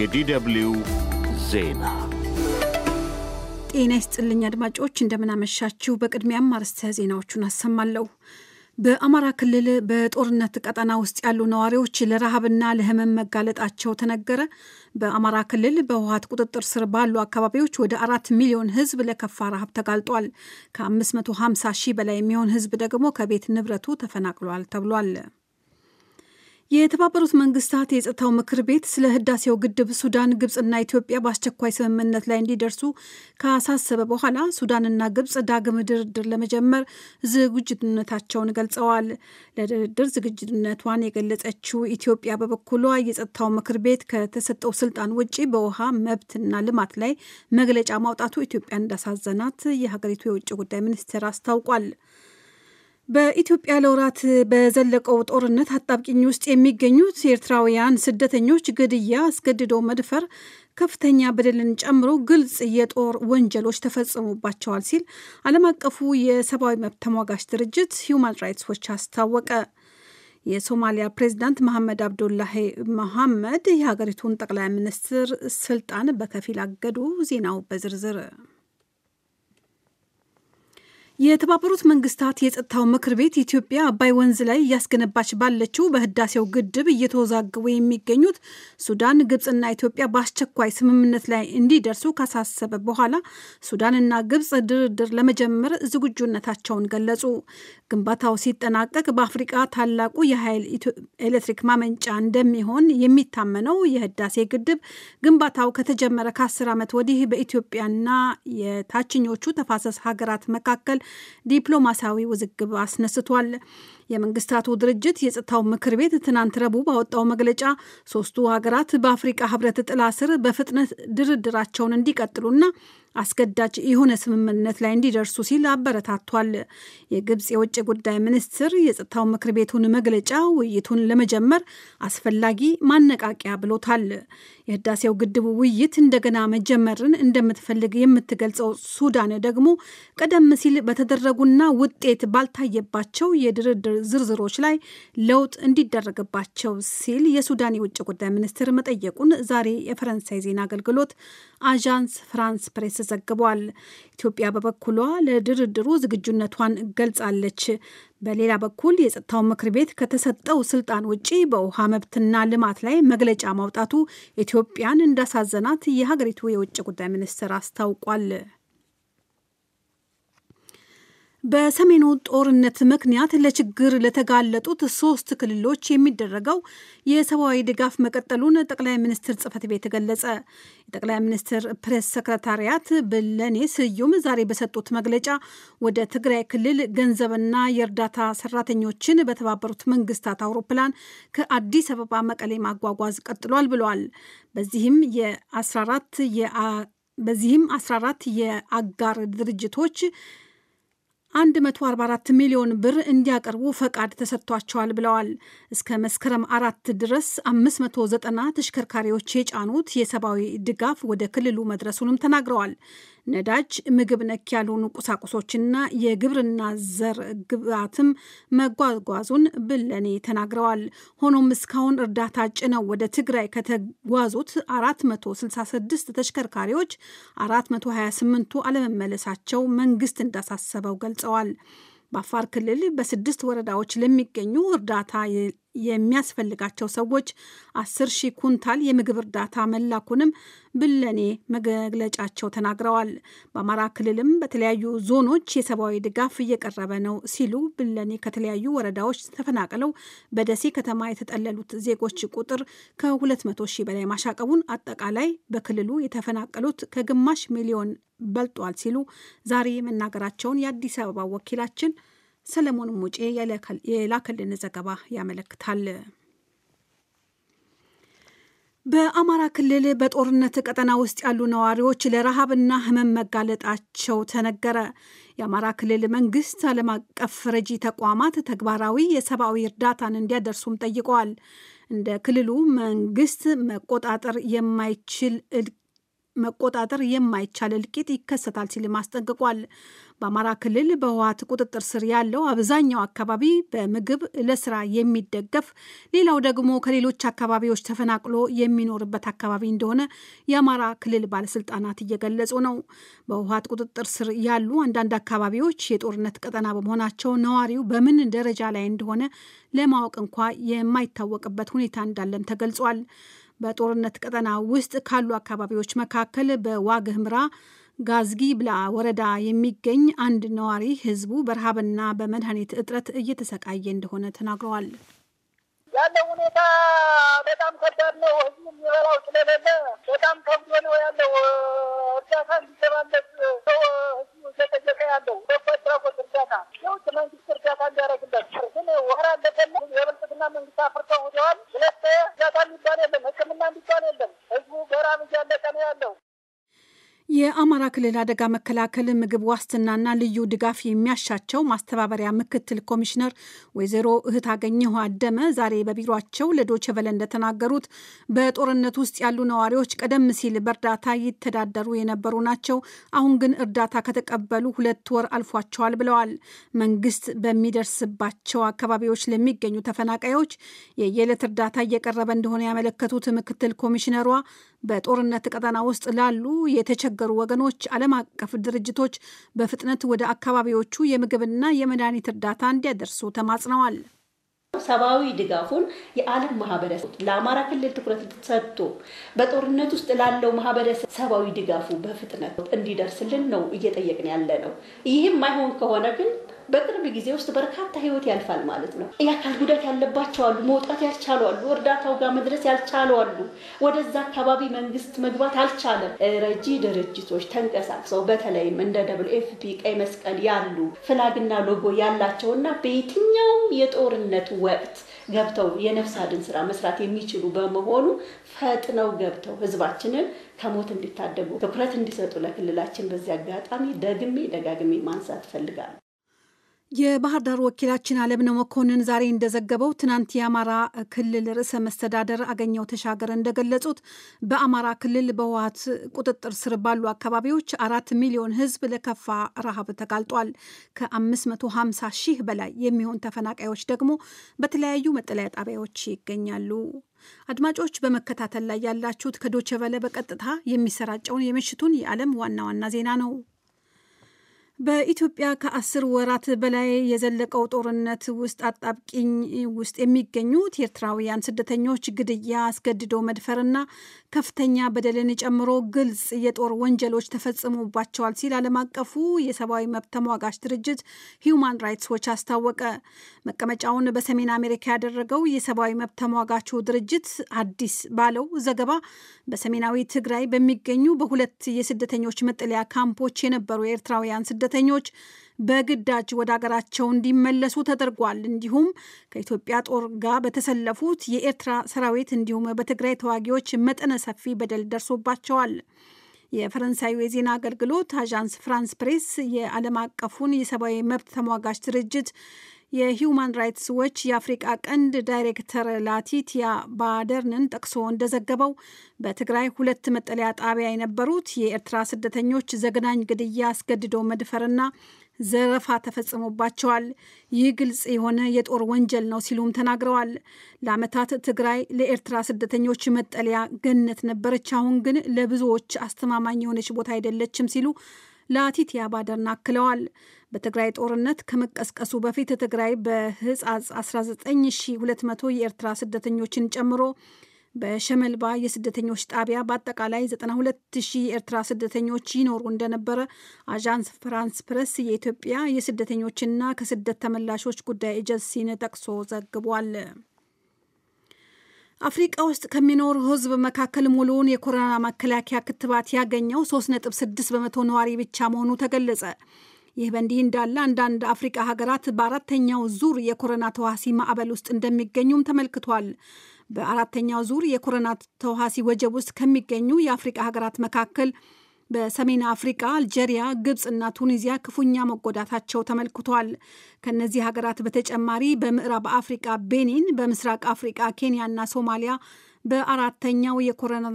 የዲደብልዩ ዜና ጤና ይስጥልኝ አድማጮች፣ እንደምናመሻችው በቅድሚያም አርዕስተ ዜናዎቹን አሰማለሁ። በአማራ ክልል በጦርነት ቀጠና ውስጥ ያሉ ነዋሪዎች ለረሃብና ለህመም መጋለጣቸው ተነገረ። በአማራ ክልል በውሃት ቁጥጥር ስር ባሉ አካባቢዎች ወደ አራት ሚሊዮን ህዝብ ለከፋ ረሃብ ተጋልጧል። ከ550 ሺህ በላይ የሚሆን ህዝብ ደግሞ ከቤት ንብረቱ ተፈናቅሏል ተብሏል። የተባበሩት መንግስታት የጸጥታው ምክር ቤት ስለ ህዳሴው ግድብ ሱዳን፣ ግብፅና ኢትዮጵያ በአስቸኳይ ስምምነት ላይ እንዲደርሱ ካሳሰበ በኋላ ሱዳንና ግብፅ ዳግም ድርድር ለመጀመር ዝግጁነታቸውን ገልጸዋል። ለድርድር ዝግጁነቷን የገለጸችው ኢትዮጵያ በበኩሏ የጸጥታው ምክር ቤት ከተሰጠው ስልጣን ውጪ በውሃ መብትና ልማት ላይ መግለጫ ማውጣቱ ኢትዮጵያ እንዳሳዘናት የሀገሪቱ የውጭ ጉዳይ ሚኒስቴር አስታውቋል። በኢትዮጵያ ለወራት በዘለቀው ጦርነት አጣብቂኝ ውስጥ የሚገኙት ኤርትራውያን ስደተኞች ግድያ፣ አስገድዶ መድፈር፣ ከፍተኛ በደልን ጨምሮ ግልጽ የጦር ወንጀሎች ተፈጽሙባቸዋል ሲል ዓለም አቀፉ የሰብአዊ መብት ተሟጋች ድርጅት ሂዩማን ራይትስ ዎች አስታወቀ። የሶማሊያ ፕሬዚዳንት መሐመድ አብዱላሂ መሐመድ የሀገሪቱን ጠቅላይ ሚኒስትር ስልጣን በከፊል አገዱ። ዜናው በዝርዝር የተባበሩት መንግስታት የጸጥታው ምክር ቤት ኢትዮጵያ አባይ ወንዝ ላይ እያስገነባች ባለችው በህዳሴው ግድብ እየተወዛገቡ የሚገኙት ሱዳን፣ ግብፅና ኢትዮጵያ በአስቸኳይ ስምምነት ላይ እንዲደርሱ ካሳሰበ በኋላ ሱዳንና ግብፅ ድርድር ለመጀመር ዝግጁነታቸውን ገለጹ። ግንባታው ሲጠናቀቅ በአፍሪቃ ታላቁ የኃይል ኤሌክትሪክ ማመንጫ እንደሚሆን የሚታመነው የህዳሴ ግድብ ግንባታው ከተጀመረ ከአስር ዓመት ወዲህ በኢትዮጵያና የታችኞቹ ተፋሰስ ሀገራት መካከል ዲፕሎማሲያዊ ውዝግብ አስነስቷል። የመንግስታቱ ድርጅት የጸጥታው ምክር ቤት ትናንት ረቡዕ ባወጣው መግለጫ ሶስቱ ሀገራት በአፍሪቃ ህብረት ጥላ ስር በፍጥነት ድርድራቸውን እንዲቀጥሉና አስገዳጅ የሆነ ስምምነት ላይ እንዲደርሱ ሲል አበረታቷል። የግብፅ የውጭ ጉዳይ ሚኒስትር የጸጥታው ምክር ቤቱን መግለጫ ውይይቱን ለመጀመር አስፈላጊ ማነቃቂያ ብሎታል። የህዳሴው ግድቡ ውይይት እንደገና መጀመርን እንደምትፈልግ የምትገልጸው ሱዳን ደግሞ ቀደም ሲል በተደረጉና ውጤት ባልታየባቸው የድርድር ዝርዝሮች ላይ ለውጥ እንዲደረግባቸው ሲል የሱዳን የውጭ ጉዳይ ሚኒስትር መጠየቁን ዛሬ የፈረንሳይ ዜና አገልግሎት አዣንስ ፍራንስ ፕሬስ ዘግቧል። ኢትዮጵያ በበኩሏ ለድርድሩ ዝግጁነቷን ገልጻለች። በሌላ በኩል የጸጥታው ምክር ቤት ከተሰጠው ስልጣን ውጪ በውሃ መብትና ልማት ላይ መግለጫ ማውጣቱ ኢትዮጵያን እንዳሳዘናት የሀገሪቱ የውጭ ጉዳይ ሚኒስትር አስታውቋል። በሰሜኑ ጦርነት ምክንያት ለችግር ለተጋለጡት ሶስት ክልሎች የሚደረገው የሰብአዊ ድጋፍ መቀጠሉን ጠቅላይ ሚኒስትር ጽህፈት ቤት ገለጸ። የጠቅላይ ሚኒስትር ፕሬስ ሰክረታሪያት ብለኔ ስዩም ዛሬ በሰጡት መግለጫ ወደ ትግራይ ክልል ገንዘብና የእርዳታ ሰራተኞችን በተባበሩት መንግስታት አውሮፕላን ከአዲስ አበባ መቀሌ ማጓጓዝ ቀጥሏል ብለዋል። በዚህም የ14 በዚህም 14 የአጋር ድርጅቶች 144 ሚሊዮን ብር እንዲያቀርቡ ፈቃድ ተሰጥቷቸዋል ብለዋል። እስከ መስከረም አራት ድረስ 590 ተሽከርካሪዎች የጫኑት የሰብአዊ ድጋፍ ወደ ክልሉ መድረሱንም ተናግረዋል። ነዳጅ፣ ምግብ ነክ ያልሆኑ ቁሳቁሶችና የግብርና ዘር ግብዓትም መጓጓዙን ብለኔ ተናግረዋል። ሆኖም እስካሁን እርዳታ ጭነው ወደ ትግራይ ከተጓዙት 466 ተሽከርካሪዎች 428ቱ አለመመለሳቸው መንግስት እንዳሳሰበው ገልጸዋል። በአፋር ክልል በስድስት ወረዳዎች ለሚገኙ እርዳታ የሚያስፈልጋቸው ሰዎች አስር ሺህ ኩንታል የምግብ እርዳታ መላኩንም ብለኔ መግለጫቸው ተናግረዋል። በአማራ ክልልም በተለያዩ ዞኖች የሰብአዊ ድጋፍ እየቀረበ ነው ሲሉ ብለኔ ከተለያዩ ወረዳዎች ተፈናቅለው በደሴ ከተማ የተጠለሉት ዜጎች ቁጥር ከ200 ሺህ በላይ ማሻቀቡን፣ አጠቃላይ በክልሉ የተፈናቀሉት ከግማሽ ሚሊዮን በልጧል ሲሉ ዛሬ መናገራቸውን የአዲስ አበባ ወኪላችን ሰለሞን ሙጬ የላከልን ዘገባ ያመለክታል። በአማራ ክልል በጦርነት ቀጠና ውስጥ ያሉ ነዋሪዎች ለረሃብና ህመም መጋለጣቸው ተነገረ። የአማራ ክልል መንግስት ዓለም አቀፍ ረጂ ተቋማት ተግባራዊ የሰብአዊ እርዳታን እንዲያደርሱም ጠይቀዋል። እንደ ክልሉ መንግስት መቆጣጠር የማይችል መቆጣጠር የማይቻል እልቂት ይከሰታል ሲልም አስጠንቅቋል። በአማራ ክልል በህወሓት ቁጥጥር ስር ያለው አብዛኛው አካባቢ በምግብ ለስራ የሚደገፍ ሌላው ደግሞ ከሌሎች አካባቢዎች ተፈናቅሎ የሚኖርበት አካባቢ እንደሆነ የአማራ ክልል ባለስልጣናት እየገለጹ ነው። በህወሓት ቁጥጥር ስር ያሉ አንዳንድ አካባቢዎች የጦርነት ቀጠና በመሆናቸው ነዋሪው በምን ደረጃ ላይ እንደሆነ ለማወቅ እንኳ የማይታወቅበት ሁኔታ እንዳለም ተገልጿል። በጦርነት ቀጠና ውስጥ ካሉ አካባቢዎች መካከል በዋግ ህምራ ጋዝጊ ብላ ወረዳ የሚገኝ አንድ ነዋሪ ህዝቡ በረሃብና በመድኃኒት እጥረት እየተሰቃየ እንደሆነ ተናግረዋል። ያለው ሁኔታ በጣም ከባድ ነው። ህዝቡ የሚበላው ስለሌለ በጣም ከብዶ ነው ያለው። እርዳታ እንዲሰባለት ሰው ህዝቡ እየጠየቀ ያለው በጎ አድራጎት እርዳታ የውጭ መንግስት እርዳታ እንዲያደርግለት ግን ወራ እንደገና የብልጽግና መንግስት አፍርተው ሂደዋል። ሁለት እርዳታ የሚባል የለም። የአማራ ክልል አደጋ መከላከል ምግብ ዋስትናና ልዩ ድጋፍ የሚያሻቸው ማስተባበሪያ ምክትል ኮሚሽነር ወይዘሮ እህት አገኘሁ አደመ ዛሬ በቢሯቸው ለዶቸበለ እንደተናገሩት በጦርነት ውስጥ ያሉ ነዋሪዎች ቀደም ሲል በእርዳታ ይተዳደሩ የነበሩ ናቸው። አሁን ግን እርዳታ ከተቀበሉ ሁለት ወር አልፏቸዋል ብለዋል። መንግስት በሚደርስባቸው አካባቢዎች ለሚገኙ ተፈናቃዮች የየዕለት እርዳታ እየቀረበ እንደሆነ ያመለከቱት ምክትል ኮሚሽነሯ በጦርነት ቀጠና ውስጥ ላሉ የተቸገ የተሳሰሩ ወገኖች ዓለም አቀፍ ድርጅቶች በፍጥነት ወደ አካባቢዎቹ የምግብና የመድኃኒት እርዳታ እንዲያደርሱ ተማጽነዋል። ሰብአዊ ድጋፉን የዓለም ማህበረሰብ ለአማራ ክልል ትኩረት ሰጥቶ በጦርነት ውስጥ ላለው ማህበረሰብ ሰብአዊ ድጋፉ በፍጥነት እንዲደርስልን ነው እየጠየቅን ያለ ነው። ይህም አይሆን ከሆነ ግን በቅርብ ጊዜ ውስጥ በርካታ ህይወት ያልፋል ማለት ነው። የአካል ጉዳት ያለባቸው አሉ፣ መውጣት ያልቻሉ አሉ፣ እርዳታው ጋር መድረስ ያልቻሉ አሉ። ወደዛ አካባቢ መንግስት መግባት አልቻለም። ረጂ ድርጅቶች ተንቀሳቅሰው በተለይም እንደ ደብል ኤፍ ቀይ መስቀል ያሉ ፍላግና ሎጎ ያላቸው እና በየትኛውም የጦርነት ወቅት ገብተው የነፍስ አድን ስራ መስራት የሚችሉ በመሆኑ ፈጥነው ገብተው ህዝባችንን ከሞት እንዲታደጉ ትኩረት እንዲሰጡ ለክልላችን በዚህ አጋጣሚ ደግሜ ደጋግሜ ማንሳት እፈልጋለሁ። የባህር ዳር ወኪላችን አለምነው መኮንን ዛሬ እንደዘገበው ትናንት የአማራ ክልል ርዕሰ መስተዳደር አገኘው ተሻገር እንደገለጹት በአማራ ክልል በህወሓት ቁጥጥር ስር ባሉ አካባቢዎች አራት ሚሊዮን ህዝብ ለከፋ ረሃብ ተጋልጧል። ከ550 ሺህ በላይ የሚሆን ተፈናቃዮች ደግሞ በተለያዩ መጠለያ ጣቢያዎች ይገኛሉ። አድማጮች በመከታተል ላይ ያላችሁት ከዶቸበለ በቀጥታ የሚሰራጨውን የምሽቱን የዓለም ዋና ዋና ዜና ነው። በኢትዮጵያ ከአስር ወራት በላይ የዘለቀው ጦርነት ውስጥ አጣብቂኝ ውስጥ የሚገኙት ኤርትራውያን ስደተኞች ግድያ፣ አስገድዶ መድፈርና ከፍተኛ በደልን ጨምሮ ግልጽ የጦር ወንጀሎች ተፈጽሞባቸዋል ሲል ዓለም አቀፉ የሰብአዊ መብት ተሟጋች ድርጅት ሂዩማን ራይትስ ዎች አስታወቀ። መቀመጫውን በሰሜን አሜሪካ ያደረገው የሰብአዊ መብት ተሟጋቹ ድርጅት አዲስ ባለው ዘገባ በሰሜናዊ ትግራይ በሚገኙ በሁለት የስደተኞች መጠለያ ካምፖች የነበሩ ስደ ስደተኞች በግዳጅ ወደ አገራቸው እንዲመለሱ ተደርጓል። እንዲሁም ከኢትዮጵያ ጦር ጋር በተሰለፉት የኤርትራ ሰራዊት እንዲሁም በትግራይ ተዋጊዎች መጠነ ሰፊ በደል ደርሶባቸዋል። የፈረንሳዩ የዜና አገልግሎት አዣንስ ፍራንስ ፕሬስ የዓለም አቀፉን የሰብአዊ መብት ተሟጋች ድርጅት የሂውማን ራይትስ ዎች የአፍሪቃ ቀንድ ዳይሬክተር ላቲቲያ ባደርንን ጠቅሶ እንደዘገበው በትግራይ ሁለት መጠለያ ጣቢያ የነበሩት የኤርትራ ስደተኞች ዘግናኝ ግድያ፣ አስገድዶ መድፈርና ዘረፋ ተፈጽሞባቸዋል። ይህ ግልጽ የሆነ የጦር ወንጀል ነው ሲሉም ተናግረዋል። ለዓመታት ትግራይ ለኤርትራ ስደተኞች መጠለያ ገነት ነበረች፣ አሁን ግን ለብዙዎች አስተማማኝ የሆነች ቦታ አይደለችም ሲሉ ላቲቲያ ባደርን አክለዋል። በትግራይ ጦርነት ከመቀስቀሱ በፊት ትግራይ በህጻጽ 19200 የኤርትራ ስደተኞችን ጨምሮ በሸመልባ የስደተኞች ጣቢያ በአጠቃላይ 92000 የኤርትራ ስደተኞች ይኖሩ እንደነበረ አዣንስ ፍራንስ ፕረስ የኢትዮጵያ የስደተኞችና ከስደት ተመላሾች ጉዳይ ኤጀንሲን ጠቅሶ ዘግቧል። አፍሪቃ ውስጥ ከሚኖር ህዝብ መካከል ሙሉውን የኮሮና መከላከያ ክትባት ያገኘው 3.6 በመቶ ነዋሪ ብቻ መሆኑ ተገለጸ። ይህ በእንዲህ እንዳለ አንዳንድ አፍሪቃ ሀገራት በአራተኛው ዙር የኮሮና ተዋሲ ማዕበል ውስጥ እንደሚገኙም ተመልክቷል። በአራተኛው ዙር የኮሮና ተዋሲ ወጀብ ውስጥ ከሚገኙ የአፍሪቃ ሀገራት መካከል በሰሜን አፍሪቃ አልጄሪያ፣ እና ቱኒዚያ ክፉኛ መጎዳታቸው ተመልክቷል። ከእነዚህ ሀገራት በተጨማሪ በምዕራብ አፍሪቃ ቤኒን፣ በምስራቅ አፍሪቃ እና ሶማሊያ በአራተኛው የኮሮና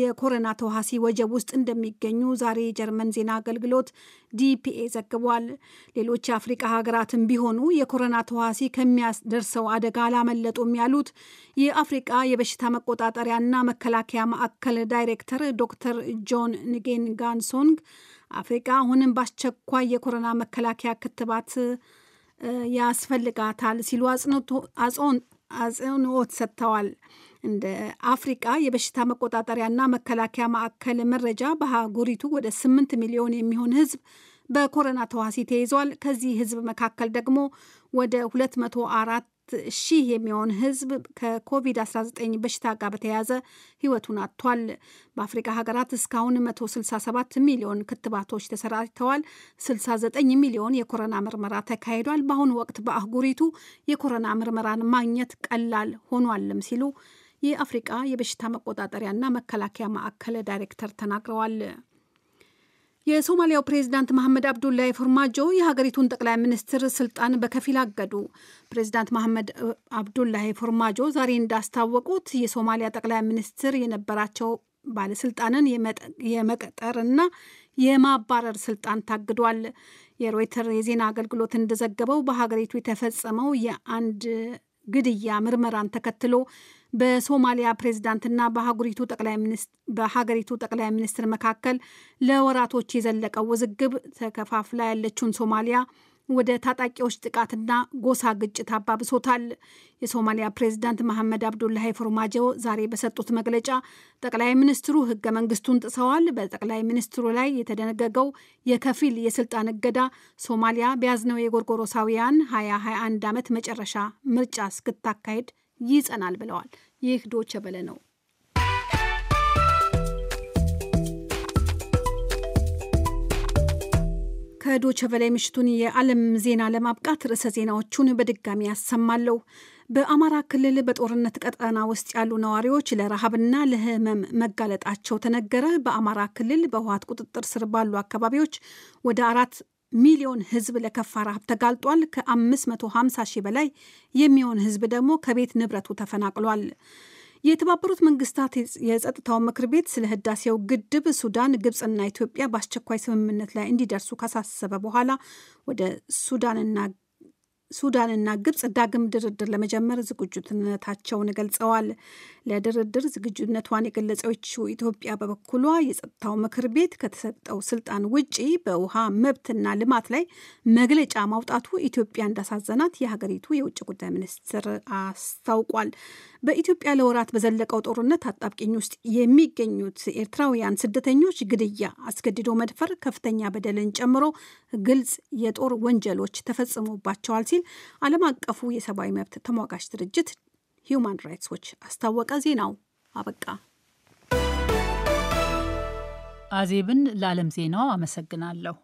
የኮረና ተዋሲ ወጀብ ውስጥ እንደሚገኙ ዛሬ የጀርመን ዜና አገልግሎት ዲፒኤ ዘግቧል። ሌሎች የአፍሪቃ ሀገራትም ቢሆኑ የኮረና ተዋሲ ከሚያስደርሰው አደጋ አላመለጡም ያሉት የአፍሪቃ የበሽታ መቆጣጠሪያና መከላከያ ማዕከል ዳይሬክተር ዶክተር ጆን ንጌን ጋንሶንግ አፍሪቃ አሁንም በአስቸኳይ የኮረና መከላከያ ክትባት ያስፈልጋታል ሲሉ አጽንኦት ሰጥተዋል። እንደ አፍሪቃ የበሽታ መቆጣጠሪያና መከላከያ ማዕከል መረጃ በሀጉሪቱ ወደ ስምንት ሚሊዮን የሚሆን ህዝብ በኮረና ተዋሲ ተይዟል። ከዚህ ህዝብ መካከል ደግሞ ወደ አራት አራት ሺህ የሚሆን ህዝብ ከኮቪድ-19 በሽታ ጋር በተያያዘ ህይወቱን አጥቷል። በአፍሪካ ሀገራት እስካሁን 167 ሚሊዮን ክትባቶች ተሰራጭተዋል። 69 ሚሊዮን የኮሮና ምርመራ ተካሂዷል። በአሁኑ ወቅት በአህጉሪቱ የኮሮና ምርመራን ማግኘት ቀላል ሆኗልም ሲሉ የአፍሪቃ የበሽታ መቆጣጠሪያና መከላከያ ማዕከል ዳይሬክተር ተናግረዋል። የሶማሊያው ፕሬዝዳንት መሐመድ አብዱላይ ፎርማጆ የሀገሪቱን ጠቅላይ ሚኒስትር ስልጣን በከፊል አገዱ። ፕሬዝዳንት መሐመድ አብዱላይ ፎርማጆ ዛሬ እንዳስታወቁት የሶማሊያ ጠቅላይ ሚኒስትር የነበራቸው ባለስልጣንን የመቀጠርና የማባረር ስልጣን ታግዷል። የሮይተር የዜና አገልግሎት እንደዘገበው በሀገሪቱ የተፈጸመው የአንድ ግድያ ምርመራን ተከትሎ በሶማሊያ ፕሬዝዳንትና በሀገሪቱ ጠቅላይ ሚኒስትር መካከል ለወራቶች የዘለቀው ውዝግብ ተከፋፍላ ያለችውን ሶማሊያ ወደ ታጣቂዎች ጥቃትና ጎሳ ግጭት አባብሶታል። የሶማሊያ ፕሬዚዳንት መሐመድ አብዱላሂ ፎርማጆ ዛሬ በሰጡት መግለጫ ጠቅላይ ሚኒስትሩ ህገ መንግስቱን ጥሰዋል፣ በጠቅላይ ሚኒስትሩ ላይ የተደነገገው የከፊል የስልጣን እገዳ ሶማሊያ በያዝነው የጎርጎሮሳውያን 2021 ዓመት መጨረሻ ምርጫ እስክታካሄድ ይጸናል ብለዋል። ይህ ዶቸበለ ቬለ ነው። ከዶቼ ቬለ ምሽቱን የዓለም ዜና ለማብቃት ርዕሰ ዜናዎቹን በድጋሚ ያሰማለሁ። በአማራ ክልል በጦርነት ቀጠና ውስጥ ያሉ ነዋሪዎች ለረሃብና ለህመም መጋለጣቸው ተነገረ። በአማራ ክልል በህወሓት ቁጥጥር ስር ባሉ አካባቢዎች ወደ አራት ሚሊዮን ህዝብ ለከፋ ረሃብ ተጋልጧል። ከ550 ሺህ በላይ የሚሆን ህዝብ ደግሞ ከቤት ንብረቱ ተፈናቅሏል። የተባበሩት መንግስታት የጸጥታው ምክር ቤት ስለ ህዳሴው ግድብ ሱዳን፣ ግብፅና ኢትዮጵያ በአስቸኳይ ስምምነት ላይ እንዲደርሱ ካሳሰበ በኋላ ወደ ሱዳንና ሱዳንና ግብፅ ዳግም ድርድር ለመጀመር ዝግጁትነታቸውን ገልጸዋል። ለድርድር ዝግጁነቷን የገለጸችው ኢትዮጵያ በበኩሏ የጸጥታው ምክር ቤት ከተሰጠው ስልጣን ውጪ በውሃ መብትና ልማት ላይ መግለጫ ማውጣቱ ኢትዮጵያ እንዳሳዘናት የሀገሪቱ የውጭ ጉዳይ ሚኒስትር አስታውቋል። በኢትዮጵያ ለወራት በዘለቀው ጦርነት አጣብቂኝ ውስጥ የሚገኙት ኤርትራውያን ስደተኞች ግድያ፣ አስገድዶ መድፈር፣ ከፍተኛ በደልን ጨምሮ ግልጽ የጦር ወንጀሎች ተፈጽሞባቸዋል ሲል ሲል ዓለም አቀፉ የሰብአዊ መብት ተሟጋች ድርጅት ሂዩማን ራይትስ ዎች አስታወቀ። ዜናው አበቃ። አዜብን ለዓለም ዜናው አመሰግናለሁ።